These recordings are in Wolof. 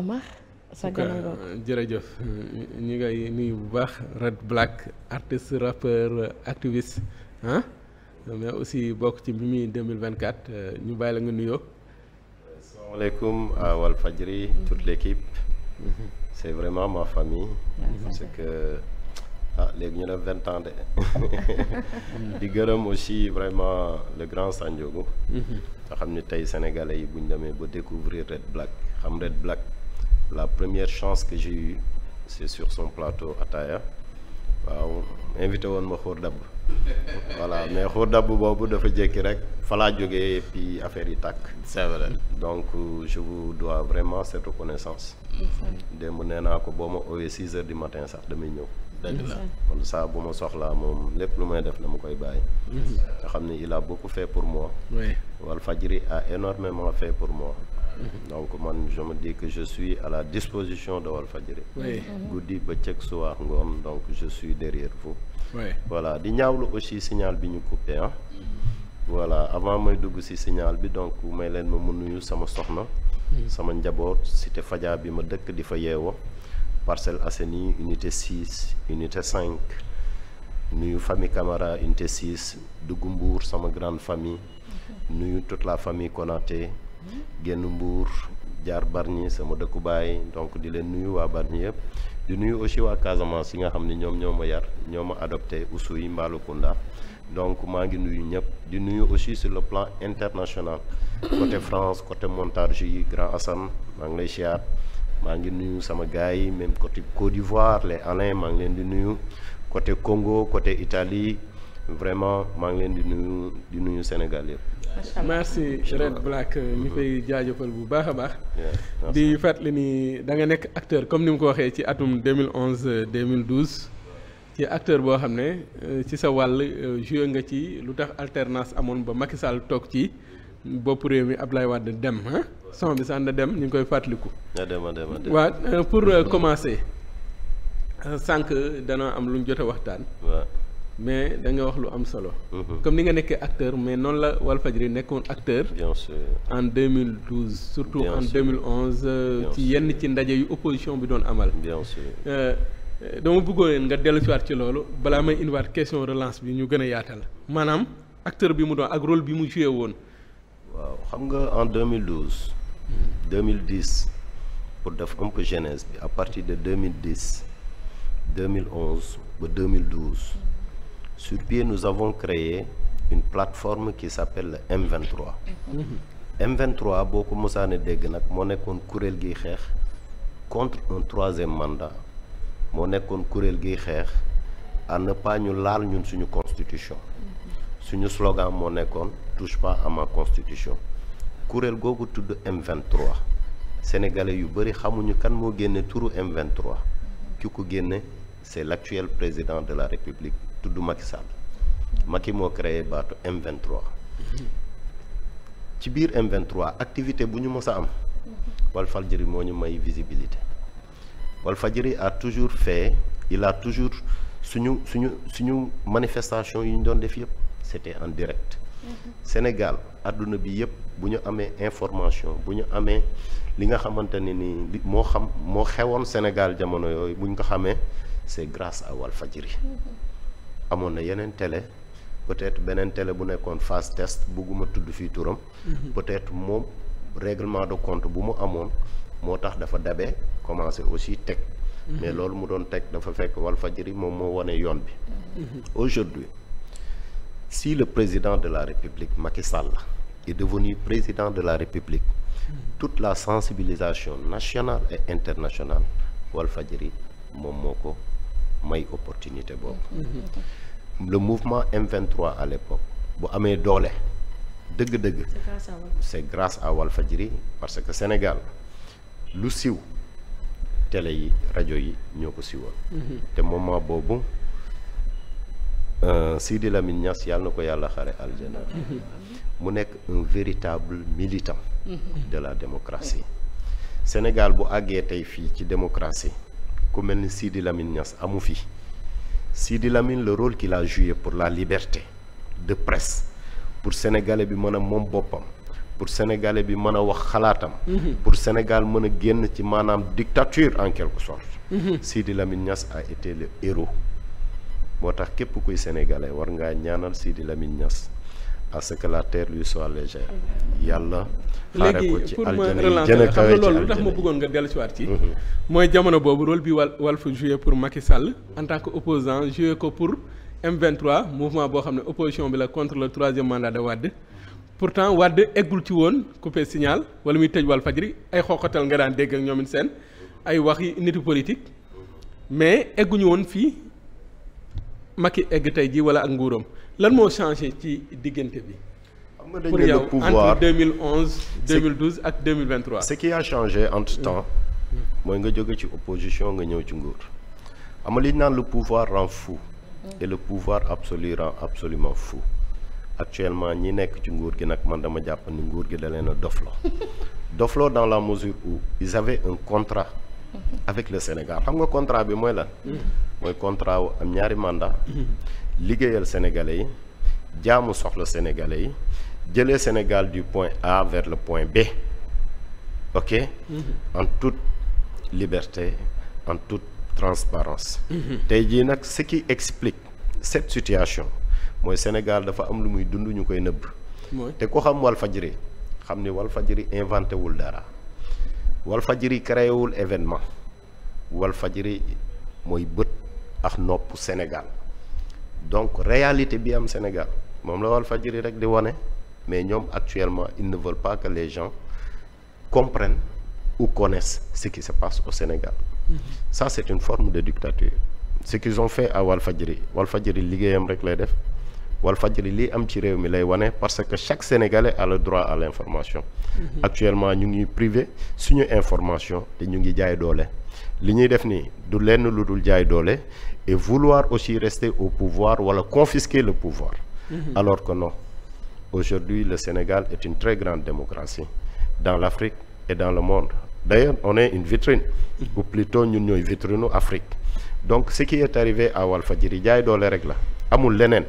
Omar sa gannaaw euh, jërëjëf ñi ngay nuyu bu baax Red Black artiste rappeur activiste ah mais aussi bokk ci Mimi 2024 euh, ñu bàyyi la nga nuyoo. asalaamaaleykum à Walfadjri mhm. toute l'équipe c'est vraiment ma famille. parce que ah, léegi ñu def vingt ans de di gërëm aussi vraiment le grand Sanjogo. Mhm. nga xam ni tey sénégalais yi bu ñu demee ba découvrir Red Black xam Red Black. la première chance que j'ai eue c'est sur son plateau Ataya waaw invité woon ma xóor dabb voilà mais xóor dabb boobu dafa jékki rek falaa jógee et puis affaire yi tàkk c'est vrai donc euh, je vous dois vraiment cette reconnaissance mm-hmm. démb nee naa ko boo ma oowee six heures du matin sax damay ñëw dëgg la mm-hmm. kon saa bu ma soxlaa moom lépp lu may def dama koy bàyyi mm-hmm. nga xam ne il a fait pour moi Walfadjri a énormément fait pour moi donc man je me dis que je suis à la disposition de Walfadjri guddi bëccëg suwaax ngoon donc je suis derrière vous oui. voilà di ñaawlu aussi signal bi ñu coupé ah voilà avant may dugg si signal bi donc may leen ma mu sama soxna hmm. sama njaboot si te Fadia bi ma dëkk di fa yeewoo Parcelles Assainies unité 6 unité cinq nuyu famille Camara unité 6 dugg mbuur sama grande famille nuyu toute la famille Konaté génn mbuur jaar Bargny sama dëkku baay donc di leen nuyu waa Bargny yëpp di nuyu aussi waa Casamance yi nga xam ne ñoom ñoo ma yar ñoo ma adopté Oussouye Mbalakunda donc maa ngi nuyu ñëpp di nuyu aussi sur le plan international côté France côté Montargis Grand assan maa ngi lay siyaar maa ngi nuyu sama gars yi même côté Côte d'Ivoire les Alains maa ngi leen di nuyu côté Congo côté Italie vraiment maa ngi leen di nuyu di nuyu Sénégal yëpp merci Red Black euh, ñu koy jaajëfal bu baax a baax. di fàttali ni da nga nekk acteur comme ni mu ko waxee ci atum 2011 2012. Euh, ci acteur boo xam ne euh, ci sa wàll joué nga ci lu tax alternance amoon ba Macky Sall toog ci bopp réew mi Abdoulaye Wade dem ah. son bi sax na dem ñu ngi koy fàttaliku. waa pour commencer. sànq danoo am lu ñu waxtaan. mais da nga wax lu am solo. Mhm. comme ni nga nekkee acteur mais noonu la Walfadjri nekkoon acteur. bien sûr en 2012. surtout en 2011. Euh, ci yenn ci ndaje yu opposition bi doon amal. bien sûr euh, dama bëggoon nga dellusiwaat ci loolu balaa may indiwaat question relance bi ñu gën a yaatal manaam acteur bi mu doon ak rôle bi mu joué woon. waaw xam nga en 2012. 2010 pour def un peu genèse bi à partir de 2010 2011 ba 2012. Sur pied, nous avons créé une plateforme qui s'appelle M23. m boo ko mosaane dégg nag moo nekkoon kuréel giy xeex contre un troisième mandat moo nekkoon kuréel giy xeex à ne pas ñu laal ñun suñu constitution suñu slogan moo nekkoon touche pas à ma constitution kuréel googu tudd M23 yu bëri xamuñu kan moo génne turu m ki ko génne c'est lactuelle président de la république tudd Macky Sall Macky moo créer baatu M23 ci biir M23 activité bu ñu mës a am Walfadjri moo ñu may visibilité Walfadjri a toujours fait il a toujours suñu suñu suñu manifestation yu ñu doon def yëpp c'était en direct Sénégal àdduna bi yëpp bu ñu amee information bu ñu amee li nga xamante ne ni moo xam moo xewoon Sénégal jamono yooyu buñ ñu ko xamee c'est grace à Walfadjri amoon na yeneen tele peut-être beneen télé bu nekkoon phase test bugguma tudd fii turam. Mhm. peut-être moom règlement de compte bu mu amoon moo tax dafa dabe commencé aussi teg. Mhm. mais loolu mu doon teg dafa fekk Walfadjri moom moo wane yoon bi. Mhm. aujourd'hui si le président de la République Macky Sall est devenu président de la République. toute la sensibilisation nationale et internationale Walfadjri moom moo ko may opportunité boobu. le mouvement M23 à l'époque bu amee doole dëgg-dëgg c'est grâce à Walfadjri parce que Sénégal lu siw télé yi rajo yi ñoo ko siwoon mhm. te moment boobu euh, Sidi Lamine yàlla na ko yàlla xare aljana mhm. mu nekk un véritable militant mhm. de la démocratie Sénégal bu àggee tey fii ci démocratie ku mel ni Sidi Lamine Niass amu fi Sidi Lamine le rôle qu'il a joué pour la liberté de presse pour sénégalais bi mën a moom boppam pour sénégalais bi mën a wax xalaatam. Mhm. pour Sénégal mën a génn ci maanaam dictature en quelque sorte. Mhm. Sidi Lamine Niass a été le héros moo tax képp kuy sénégalais war ngaa ñaanal Sidi Lamine Niass. à ce que la terre lui soit légère. yàlla xaare ko ci aljana yi léegi pour ma relancer xam nga loolu lu tax ma bëggoon nga dellu si waat ci. Mhm. mooy jamono boobu rol bi wal Walf joué pour Macky Sall en tant que opposant joué ko pour M23 mouvement boo xam ne opposition bi la contre le troisième mandat de Wade. pourtant Wade eggul ci woon coupé signal wala muy tëj Walf Fadjri ay xooxatal nga daan dégg ak ñoom seen ay wax yi nitu politique mais egguñu woon fii i egg tey jii wala ak nguuram. lan moo changé ci diggante bi. xam nga dañ le pouvoir entre 2011 2012 ak 2023. ce qui a changé entre temps. Mm. mooy nga jóge ci opposition nga ñëw ci nguur. amali nga naan le pouvoir rend fou. Mm. et le pouvoir absolu rend absolument fou. actuellement ñi nekk ci nguur gi nag man dama jàpp ni nguur gi da leen a dofloo dofloo dans la mesure où ils avaient un contrat. avec le Sénégal xam nga contrat bi mooy lan. mooy contrat wu am ñaari mandat liggéeyal sénégalais yi jaamu soxla sénégalais yi jëlee Sénégal du point A vers le point B ok. en toute liberté en toute transparence tey jii nag ce qui explique cette situation mooy Sénégal dafa am lu muy dund ñu koy nëbb. te ku xam Walfadjri xam ni Walfadjri inventé wul dara. Walfadjri créé wul événement Walfadjri mooy bët ak nopp Sénégal donc réalité bi am Sénégal moom la Walfadjri rek di wane mais ñoom actuellement ils ne veulent pas que les gens comprennent ou connaissent ce qui se passe au Sénégal mm -hmm. c'est une forme de dictature ce qu'ils ont fait à Walfadjri Walfadjri liggéeyam rek lay def Walfadjri lii am ci réew mi lay wane parce que chaque sénégalais a le droit à l'information mhm. actuellement ñu ngi privé suñu information te ñu ngi jaay doole li ñuy def nii du lenn lu dul jaay doole et vouloir aussi rester au pouvoir wala confisquer le pouvoir mhm. alors que non aujourd'hui le Sénégal est une très grande démocratie dans l'Afrique et dans le monde d'ailleurs on est une vitrine ou plutôt ñun ñooy vitrine Afrique donc ce qui est arrivé à Walfadjri jaay doole rek la amul leneen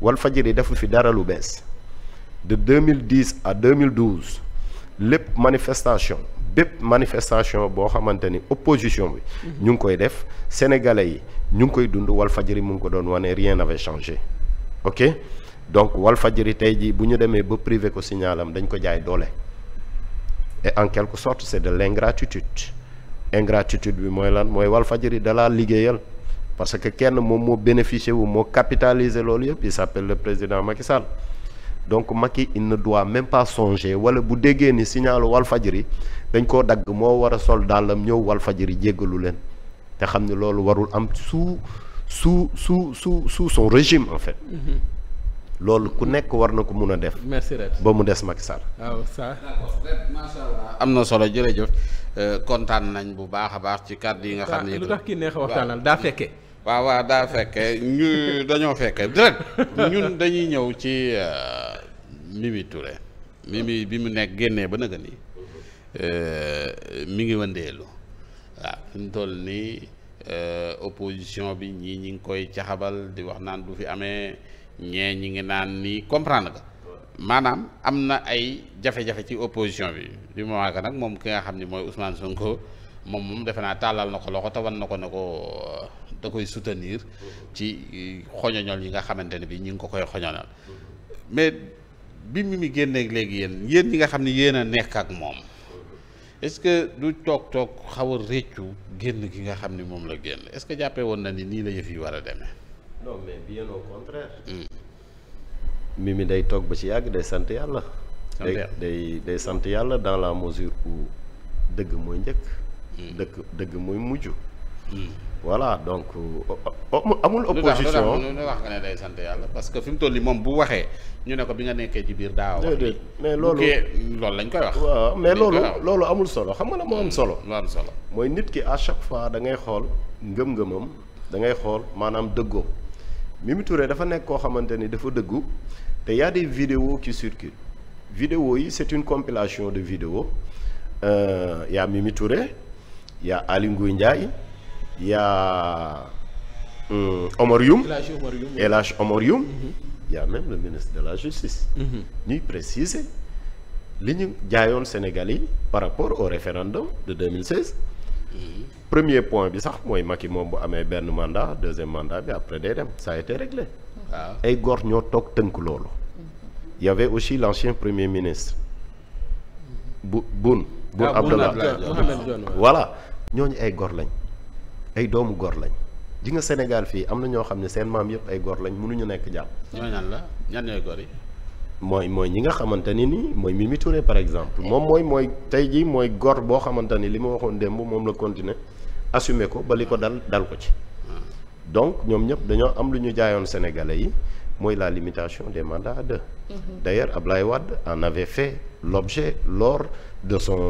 Walfadjri defu fi dara lu bees de 2010 à 2012 lépp manifestation bépp manifestation boo xamante ni opposition bi. Mhm. ñu ngi koy def sénégalais yi ñu ngi koy dund Walfadjri mu ngi ko doon wane rien n'avait changé ok donc Walfadjri tey jii bu ñu demee ba privé ko signalam dañ ko jaay doole et en quelque sorte c'est de l'ingratitude ingratitude bi mooy lan mooy Walfadjri da laa liggéeyal. parce que kenn moom moo bénéficié wu moo capitaliser loolu yëpp il s'appelle le président Macky Sall donc Macky il ne doit même pas songer wala bu déggee ni signalu Walfadjri dañ koo dagg moo war a daal am ñëw Walfadjri jéggalu leen te xam ne loolu warul am su su su su sous son régime en fait. Mm-hmm. loolu ku nekk war na ko mun a def. merci ba mu des Macky Sall. waaw ça. macha allah am na solo jërëjëf euh, kontaan nañ bu baax a baax ci kàddu yi nga. xam ne lu tax ki neex waxtaanal daa fekkee. waaw waaw daa fekkee ñu dañoo fekkee direct ñun dañuy ñëw ci euh, Mimi Touré Mimi bi mu nekk génnee ba naka nii euh, mi ngi wëndeelu waaw fi mu toll nii euh, opposition bi ñii ñi ngi koy caxabal di wax naan bu fi amee ñee ñi ngi naan nii comprendre nga maanaam am na ay jafe-jafe ci opposition bi du moment que nag moom ki nga xam ni mooy Ousmane Sonko. moom moom defe naa tàllal na ko loxo tawal na ko ne ko euh, da koy soutenir ci xoñoñol yi nga xamante ne bi ñu ngi ko koy xoñoñol mais bi mi mi génneeg léegi yéen yéen ñi nga xam ni yéen a nekk ak moom est-ce que du toog toog xaw a réccu génn gi nga xam ni moom la génn est-ce que jàppee woon na ni nii la yëf yi war a demee. non mais bien hmm. day toog ba ci yàgg day sant yàlla. day day sant yàlla dans la mesure dëgg mooy njëkk. Hmm. dëkk dëgg muy mujj. Hmm. voilà donc amul opposition lu tax wax nga ne day sant yàlla parce que fi mu toll nii moom bu waxee ñu ne ko bi nga nekkee ci biir daaw. déedéet mais loolu loolu lañ koy wax. waaw mais loolu loolu amul solo xam nga la moo am hmm, solo. moo solo mooy nit ki à chaque fois da ngay xool ngëm-ngëmam da ngay xool maanaam dëggoo Mimi dafa nekk koo xamante ni dafa dëggu te y a des vidéos qui circulent vidéo yi c'est une compilation de vidéos euh, y a y a Aly Ngouille Ndiaye y a hmm, Omar Youm El mhm. même le ministre de la justice mhm. ñuy préciser li ñu jaayoon Sénégal yi par rapport au référendum de 2016 mhm. premier point bi sax mooy Macky moom bu amee benn mandat deuxième mandat bi après day dem ça a été réglé ah. ay góor ñoo toog tënk loolu y avait aussi l'ancien premier ministre bu Boun Boun ah, Abdallah voilà ñooñu ay gor lañ ay doomu gor lañ ji nga Sénégal fii am na ñoo xam ne seen maam yëpp ay gor lañ mënuñu nekk jàmm. ñooñu la ñan gor yi. mooy mooy ñi nga xamante ni nii mooy Mimi Touré par exemple moom mooy mooy tey jii mooy gor boo xamante ni li ma waxoon démb moom la continuer assumer ko ba li ko dal dal ko ci. Hmm. donc ñoom ñëpp dañoo am lu ñu jaayoon sénégalais yi. mooy la limitation des mandats de deux. Mm -hmm. d'ailleurs en avait fait l'objet lor de son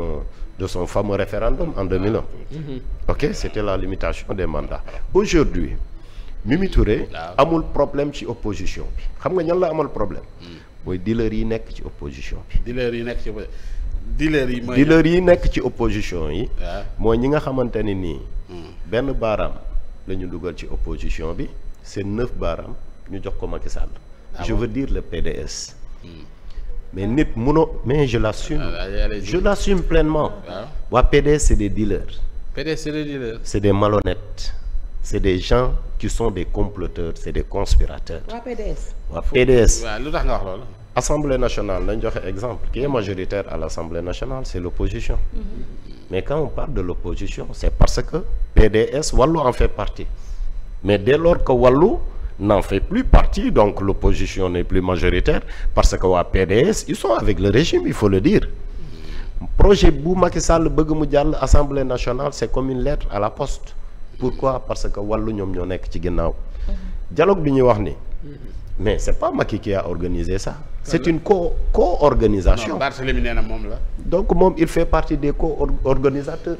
de son fameux référendum en de Mm -hmm. ok c'était la limitation des mandats aujourd'hui Mimi Touré amul problème ci opposition bi xam nga ñan la amal problème hmm. mooy dealer yi nekk ci opposition bi dealer yi nekk ci yi dealer yi nekk ci opposition yi mooy ñi nga xamante ni nii hmm. benn baaraam la dugal ci opposition bi seen neuf baaraam ñu jox ko Macky Sall. Ah je veux dire le PDS. Hmm. mais nit munoo mais je l' assume. Ah, je l' assume pleinement. Ah. waa PDS c' est des dealers. PDS c' est des dealers. c' est des malhonnêtes. c' est des gens qui sont des comploteurs c' des conspirateurs. waa PDS. lu tax nga wax loolu. Assemblée nationale dañ joxe exemple qui est hmm. majoritaire à l' Assemblée nationale c' est l' mais quand on parle de l' opposition c' parce que PDS wallo en fait partie mais dès lors que wàllu. n'en fait plus partie donc l'opposition n'est plus majoritaire parce que waa PDS ils sont avec le régime il faut le dire projet bu Macky sàll bëgg mu jàll assemblée nationale c'est comme une à la poste pourquoi parce que wàllu ñoom ñoo nekk ci ginnaaw mm-hmm. dialogue bi ñuy wax ni mais c'est pas Macky qui a organisé c'est une co co-organisation. non Barthélémy nee na moom la. donc moom il fait partie des co-organisateurs.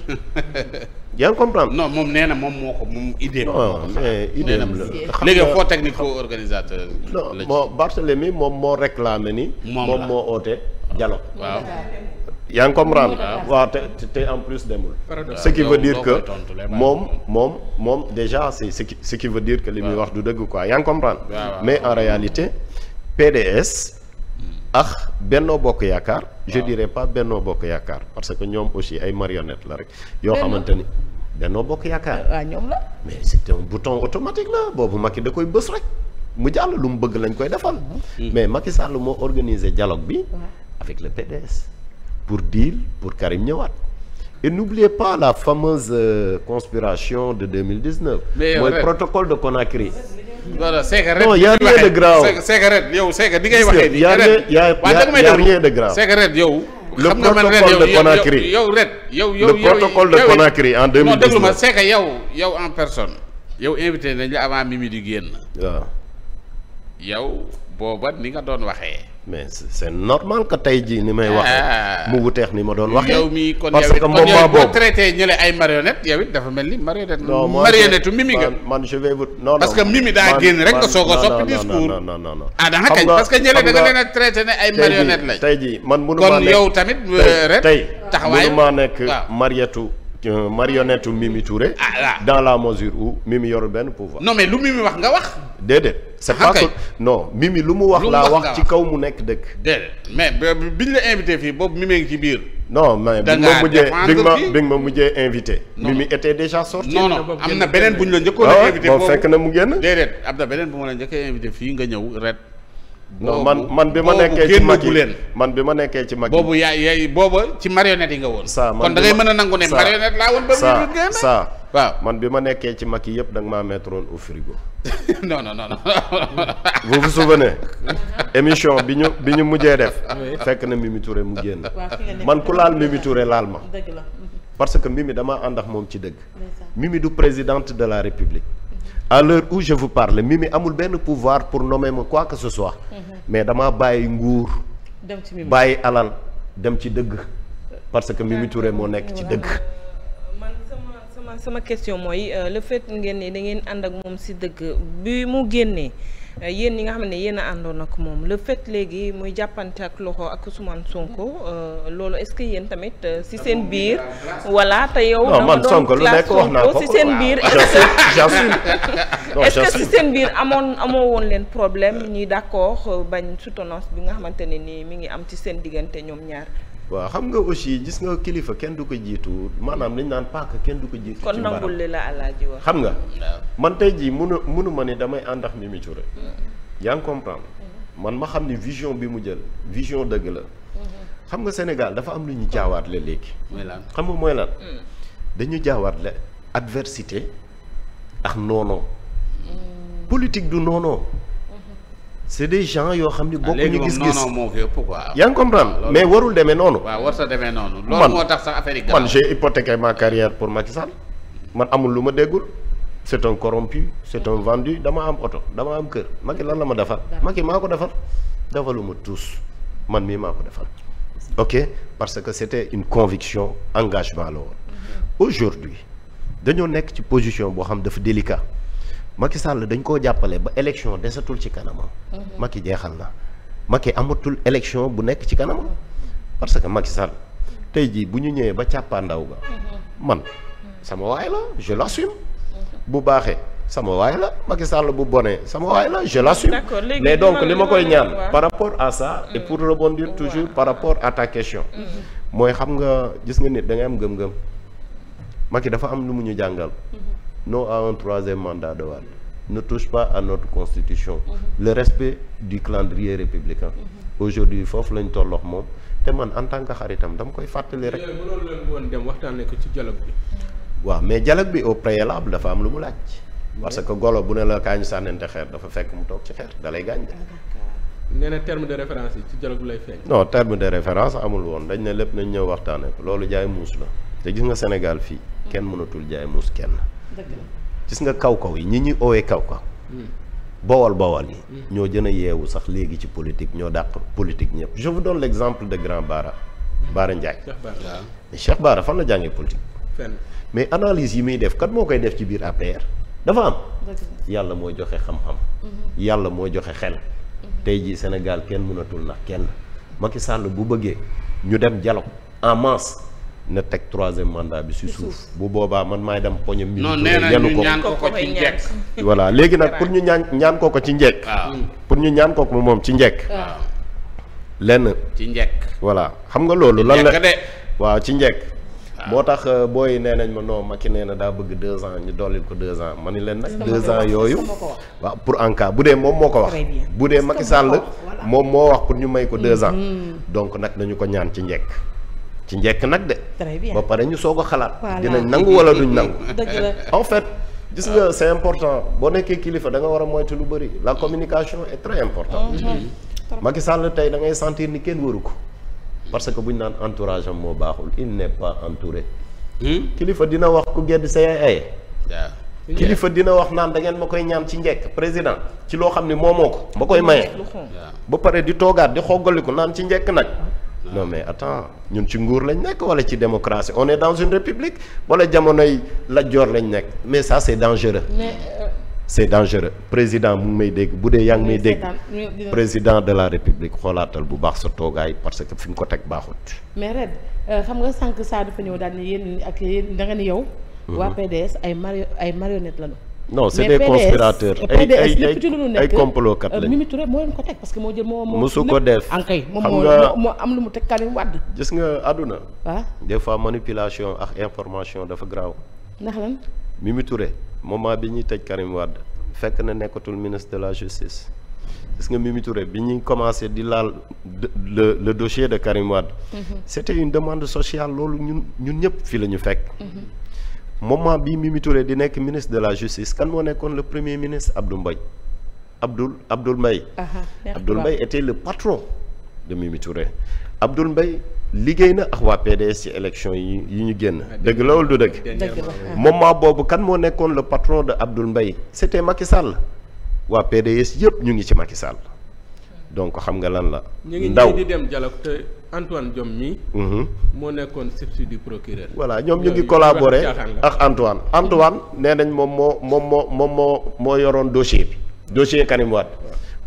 yaa ngi comprendre. non moom nee na moom moo ko moom idée. non mais idée la léegi foo teg ni co-organisateur. non bon Barthélémy moom moo réclamé ni. moom moo oote jalo waaw. yaa ngi comprendre ah. waaw te te en plus demul ce qui veut dire que moom moom moom déjà c'est ce qui ce qui veut dire que li muy wax du dëgg quoi yaa ngi mais en réalité PDS ah Benno Bokk Yaakaar je dirais pas Benno Yaakaar parce que ñoom aussi ay marionnette la rek yoo xamante ni Benno Bokk Yaakaar waaw ñoom la mais c'est un bouton automatique la boobu Macky da koy bës rek mu jàll lu mu bëgg lañ koy defal hmm. mais Macky Sall moo organiser dialogue bi avec le PDS pour deal pour Karim ñëwaat et n'oubliez pas la fameuse euh, conspiration de 2019 mooy protocole de Conakry voilà c'est que non y a rien de grave c'est que yow c'est que di ngay waxee nii y a rien de grave c'est que ret yow le protocole de Conakry yow ret yow yow le protocole de Conakry en yow yow en personne yow invité nañ la avant Mimi di génn waaw booba ni nga doon waxee. mais c'est normal que tey jii ni may ah. waxee. mu teex ni ma doon waxee. yow mii kon yow it ay marionnette yow dafa mel ni marionnette. non marionnette mimi nga. man je vais vous non non parce que mimi daa génn rek. soo ko soppi discours non ah da kañ parce ñële da nga a traité ne ay marionnette lañ. tey jii man mënu maa nekk kon marionnette Mimi Touré. ah dans la mesure où Mimi yorul benn pouvoir. non mais lu Mimi wax nga wax. déedéet. c'est ah, pas que non Mimi lu mu wax. laa wax ci kaw mu nekk dëkk. déedéet mais biñ la invité fii boobu Mimi ngi ci biir. non mais bi nga mujjee bi nga ma bi ma mujjee invité. Mimi était déjà sorti. non non am na beneen bu ñu la njëkkoon ah a invité fekk na mu génn. déedéet am na beneen bu ma la njëkkee invité fii nga ñëw ret non man man bi ma nekkee ci mag yi man bi ma nekkee ci mag yi boobu yaay yaay booba ci marionnette yi nga woon saa kon da ngay mën a nangu ne marionnette laa woon ba waaw man bi ma nekkee ci mag yi yëpp da nga maa mettre woon au frigo non non non non émission bi ñu bi ñu mujjee def fekk na Mimi Touré mu génn man ku laal Mimi Touré laal ma parce que Mimi damaa ànd ak moom ci dëgg Mimi du présidente de la République à l'heure où je vous parle mi amul benn pouvoir pour nommer ma quoi que ce soit. Mhm. mais dama bàyyi nguur. dem ci Mimi bàyyi alal dem ci dëgg. parce que Mimi Touré moo nekk ci dëgg. sama sama sama question mooy euh, le fait ngeen ne da ngeen ànd ak moom si dëgg bi mu génnee. Euh, yéen ñi nga xam ne yéen a àndoon ak moom le fait léegi muy jàppante ak loxo ak suman Sonko euh, loolu est-ce que yéen tamit euh, si seen biir. voilà te yow. non man Sonko lu nekk wax naa ko seen biir. est-ce seen biir amoon amoo woon leen problème ñuy d'accord bañ soutenance bi nga xamante ne nii mi ngi am ci seen diggante ñoom ñaar. waaw xam nga aussi gis nga kilifa kenn du ko jiitu maanaam lañ naan paaka kenn du ko jiitu. kon nangul li la alaaji wax xam nga. man tey ji munu munu ma ne damay ànd ak Mimi Touré. Mm-hmm. yaa comprendre. Mm-hmm. man ma xam ni vision bi mu jël vision dëgg la. Mm-hmm. xam nga Sénégal dafa am lu ñu jaawaatle léegi. xam nga mooy lan. Mm. dañu jaawaatle adversité ak noonoo. Mm. politique du noonoo. c'est des gens yoo xam ni ah, bokkuñu gis-gis non non moo fi ëpp quoi. yaa mais warul demee noonu. waaw war sa demee noonu. loolu moo tax sax affaire yi man j'ai hypothéqué ma pour Macky Sall man amul lu ma déggul c'est un corrompu c'est un vendu dama am oto dama am kër Macky lan la ma defar. Macky maa ko defar defalu ma tous man mii maa ko defar. ok parce que c'était une conviction engagement la woon. Mhm. aujourd'hui dañoo nekk ci position boo xam dafa délicat. Macky Sall dañ koo jàppalee ba élection desatul ci kanamam. Mhm. Macky jeexal na Macky amatul élection bu nekk ci kanamam parce que Macky Sall tey jii bu ñu ñëwee ba càppaandaw ga mhm. man mhm. sama waay la je bu baaxee sama waaye la Macky Sall bu bonee sama waay la je l'assume mais donc li ma koy ñaan par rapport à sa et pour rebondir toujours par rapport à ta mooy xam nga gis nga nit da am gëm-gëm maki dafa am lu mu ñu jàngal non a un troisième mandat de Wade ne touche pas à notre constitution mhm. le respect du calendrier républicain mhm. aujourd'hui foofu lañ tollox moom te man en tant que xaritam dama koy fàttali rek waaw mais dialogue bi au préalable dafa am lu mu laaj parce que golo bu ne la kaa ñu sànnente xeer dafa fekk mu toog ci xeer da lay gaañ de nee na terme de référence yi ci dialogue lay feeñ non terme référence amul woon dañ ne lépp nañ ñëw waxtaane ko loolu jaay muus la te gis nga Sénégal fii kenn mhm. mënatul jaay muus kenn gis nga kaw kaw yi ñi ñuy oowee kaw kaw hmm. bawol bawol yi hmm. ñoo gën a yeewu sax léegi ci politique ñoo dàq politique ñëpp je vous donne l'exemple de grand Bara hmm. Bara Ndiaye mais Cheikh Bara fan la jàngee politique mais analyse yi muy def kat moo koy def ci biir APR dafa am yàlla moo joxe xam-xam yàlla moo joxe xel tey jii Sénégal kenn mënatul nax kenn Macky Sall bu bëggee ñu dem jaloo en masse na teg troisième mandat bi si suuf bu boobaa man maay dem poñe mi non nee na ko ko ci njekk voilà léegi nag pour ñu ñaan ñaan ko ko ci njekk hmm. pour ñu ñaan ko ko moom ci njekk lenn ci njekk voilà xam nga loolu lan la waaw ci njekk moo tax euh, booy nee nañ ma ma ki nee na daa bëgg deux ans ñu dollil ko deux ans ma ni leen nag deux ans yooyu waaw pour en bu dee moom moo ko wax bu dee Macky Sall moom moo wax pour ñu may ko deux ans mm-hmm. donc nag nañu ko ñaan ci njekk ci njekk nag de. ba pare ñu soog a xalaat. dinañ nangu wala duñ nangu. dëgg en fait. gis nga c'est important boo nekkee kilifa da nga war a moytu lu bëri la communication est très importante. Mhm. Mhm. Macky Sall tey da ngay sentir ni kenn waru ko. parce que bu ñu naan entourage am moo baaxul il n'est pas entouré. Hmm? kilifa dina wax ku gedd sa yaay ay kilifa dina wax naan da ngeen ma koy ñaan ci njekk président ci loo xam ne moomoo ko ba koy maye. ba pare di toogaat di xoggaliku naan ci njekk nag. Ah. non mais attends ñun ci nguur lañ nekk wala ci démocratie on est dans une république wala jamonoy Lat Joor lañ nekk mais ça c'est dangereux. mais euh... c'est dangereux président mu may dégg bu dee yaa ngi may dégg. président de la république xoolaatal bu baax sa toogaay parce que fi nga ko teg baaxut. mais ren euh, xam nga sànq saa dafa ñëw daal ni yéen ak yéen da ni yow. Mhm. waa PDS ay mari ay marionnette lañu. non c'est des conspirateurs ay ay ay la euh, lañ Mimi Touré moo leen ko teg parce que moo jël moo musu ko def moo moo am lu mu teg Karim Wade gis nga àdduna waaw ah. des fois manipulation ak information dafa graaw ndax lan Mimi moment bi ñuy tëj Karim Wade fekk na nekkatul ministre de la justice gis nga Mimi bi ñuy commencé di laal le le dossier de Karim Wade mhm. c'était une demande sociale loolu ñun ñun ñëpp fii la ñu fekk mhm. moment bii Mimi Touré di nekk ministre de la justice kan moo nekkoon le premier ministre Abdou Mbaye Abdoul Abdoul Mbaye ah, ah, Abdoul Mbaye était le patron de Mimi Touré Abdoul Mbaye liggéey na ak waa PDS ci élection yi yi ñu génn ah, dëgg la wala du dëgg moment boobu kan moo nekkoon le patron de Abdoul Mbaye c'était Macky Sall waa PDS yëpp ñu ngi ci Macky Sall donc xam nga lan la ndaw Antoine Diome mii. Mhm. moo nekkoon substitut du procureur. voilà ñoom ñu ngi collaborer ak Antoine. Antoine nee nañ moom moo moom moo moom moo moo yoroon dossier bi dossier Karim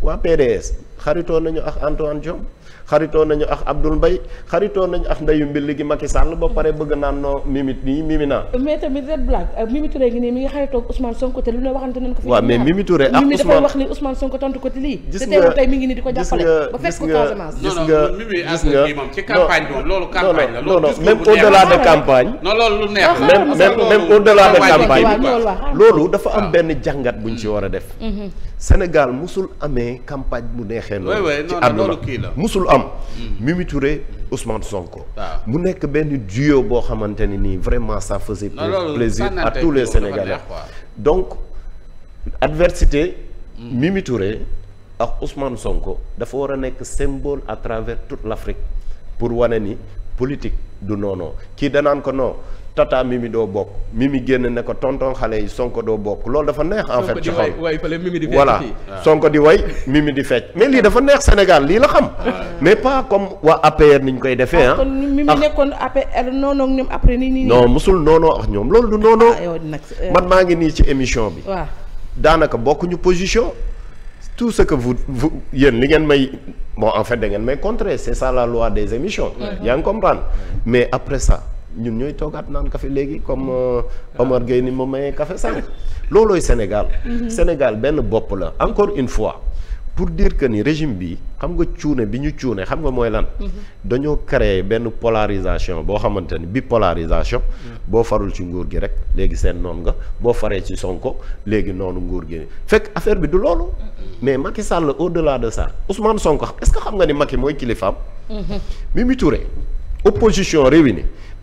waa PDS xaritoo nañu ak Antoine Diome. xaritoo nañu ak Abdoul Mbaye xaritoo nañu ak ndeyu mbill gi Macky Sall ba pare bëgg naan noo mimi nii mimi naa. mais tamit Red Black euh, Mimi Touré ngi nii mi ngi xaritoo ak Ousmane Sonko te lu ne waxante nañ ko fi. Mimi Touré ak Ousmane Mimi ko ci lii. gis ngi nii di ko jàppale ba fekk ko Casamance. gis nga gis nga ci campagne bi loolu loolu dafa am ah. benn jàngat buñ ci war a def mm-hmm. Sénégal musul amee campagne bu neexee loolu ci àdduna musul am am. Mimi Touré Ousmane Sonko. mu nekk benn duo boo xamante ne nii vraiment ça faisait. plaisir à tous les Sénégalais donc adversité. Mm. Mimi Touré ak Ousmane Sonko dafa war a nekk symbole à travers toute l'Afrique pour wane ni politique du noonu kii danaan ko non. tata Mimi doo bokk mi génn ne ko tonton xale yi Sonko doo bokk loolu dafa neex en fait ci xol voilà ah. Sonko di way Mimi di fecc mais lii dafa neex Sénégal lii la xam ah, mais pas comme waa APR ni ñu koy defee ah kon Mimi ah. nekkoon APR noonu ak ñoom après ni nii non mosul ñoom loolu du noonoo euh. man maa ngi nii ci émission bi waaw daanaka bokkuñu position tout ce que vous vous yéen li ngeen may moo en fait da ngeen may contrer c'est ça la loi des émissions yaa ngi comprendre mais après ça ñun ñooy toogaat naan café léegi comme euh, Omar Gueye ni ma mayee café sànq loolooy Sénégal mhm. Sénégal benn bopp la encore une fois pour dire que ni régime bi xam nga cuune bi ñu cuune xam nga mooy lan mhm. dañoo créer benn polarisation boo xamante ni bi polarisation mhm. boo farul ci nguur gi rek léegi seen noon nga boo faree ci Sonko léegi noonu nguur gi fekk affaire bi du loolu mais Macky Sall au la de ça Ousmane Sonko est-ce que xam nga ni Macky mooy kilifaam Mimi Touré opposition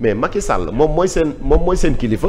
mais Macky Sall moom mooy seen moom mooy seen kilifa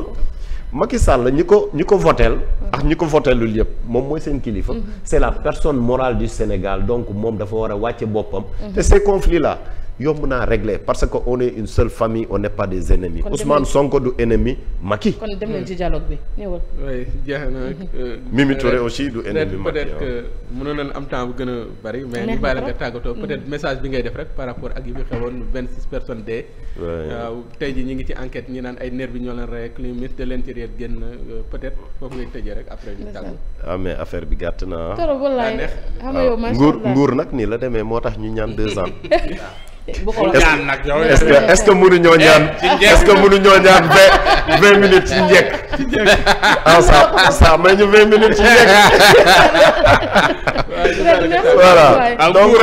Macky Sall ñi ko ñi ko voteel ak ñi ko voteelul yëpp moom mooy seen kilifa mhm. c'est la personne morale du Sénégal donc moom dafa war a wàcce boppam mhm. te ces conflits là yomb naa régler parce que on est une seule famille on n'est pas des ennemis Ousmane Sonko du ennemi Macky. kon dem nañ ci dialogue bi ñëwal. oui jeex na. Euh, aussi du ennemi Macky peut-être que mënoon nañ gën a bari. mais ñu tàggatoo mm. peut-être message bi ngay def rek par rapport ak yi fi xewoon vingt six personnes dee. waaw tey jii ñu ngi ci enquête ñi naan ay nervi ñoo leen rey ak le ministre de l'intérieur génn euh, peut-être foofu ngay tëjee rek après ñu tàggu. ah affaire bi gàtt naa. trop ah, nguur nguur nag nii la demee moo tax ñu ñaan deux ans. ñaan nag est-ce que est-ce que eh, est-ce que mënuñoo ñaan vingt vingt minutes ci njëkk ah ça ça may ñu vingt minutes ci njëkk voilà ah, donc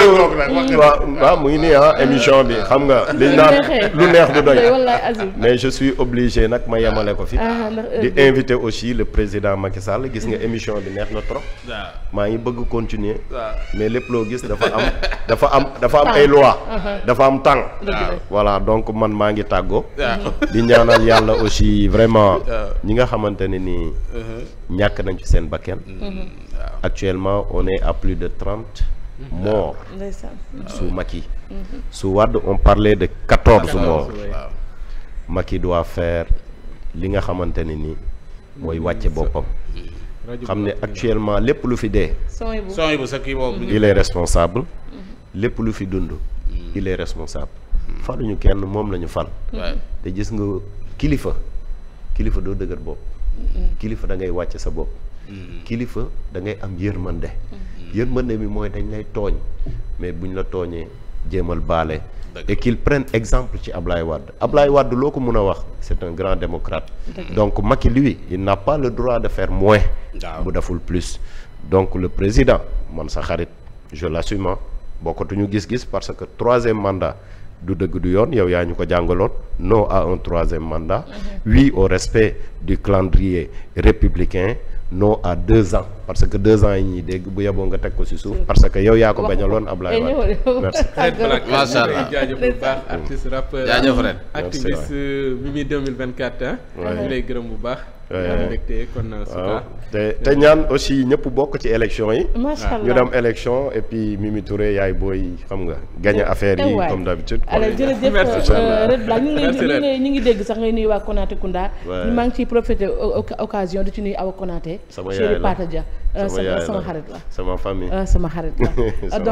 waaw waaw mu ngi nii ah émission bi xam nga liñ naan lu neex du doy mais je suis obligé nag ma yemale ko fi ah, di inviter aussi le président Macky Sall gis nga mm. émission bi neex na trop maa ngi bëgg continuer mais lépp loo gis dafa am dafa am dafa am ay loi uh-huh. dafa am temps donc man maa ngi tàggoo di ñaanal yàlla aussi vraiment ñi nga xamante ne nii uh-huh. ñàkk nañ ci seen bakken mm-hmm. Mm-hmm. actuellement on est à plus de trente mm-hmm. morts sous Macky sous Wade on parlait de quatorze morts Macky doit faire li nga xamante ne nii mooy wàcce boppam xam ne actuellement lépp lu fi dee il est responsable lépp lu fi dund il est responsable. faluñu kenn moom la ñu fal. te gis nga kilifa kilifa doo dëgër bopp. Mm-hmm. kilifa da ngay wàcc sa bopp. Mm-hmm. kilifa da ngay am yërmande. Mm-hmm. yërmande bi mooy dañ lay tooñ mais bu ñu la tooñee jéemal baale. et qu'il prenne exemple ci Ablaye Wade Ablaye Wade loo ko mën a wax c'est un grand démocrate. donc Macky lui il n'a le droit de faire moins. bu deful plus donc le président man sa xarit je l'assume bokkatuñu gis-gis parce que troisième mandat du dëgg du yoon yow yaa ñu ko jàngaloon non à un troisième mandat mm-hmm. oui au respect du calendrier républicain non à deux ans parce que deux ans yi ñuy dégg bu yeboo nga teg ko si suuf parce que yow yaa ko bañaloon Ablaye Wade merci macha allah bu baax artiste rappeur jaajëf ren activiste bi muy 2024 ah ñu lay gërëm bu baax euh, waaw te ñaan aussi ñëpp bokk ci élection yi ñu dem élection et puis Mimi Touré yaay booy xam nga gagné affaire yi comme d'habitude ñu ngi dégg sax ngay nuyu waa Konaté Kounda maa ngi ciy profité occasion di ci nuyu Awa Konaté chéri Pata Dia sama xarit la sama famille ah, sama xarit la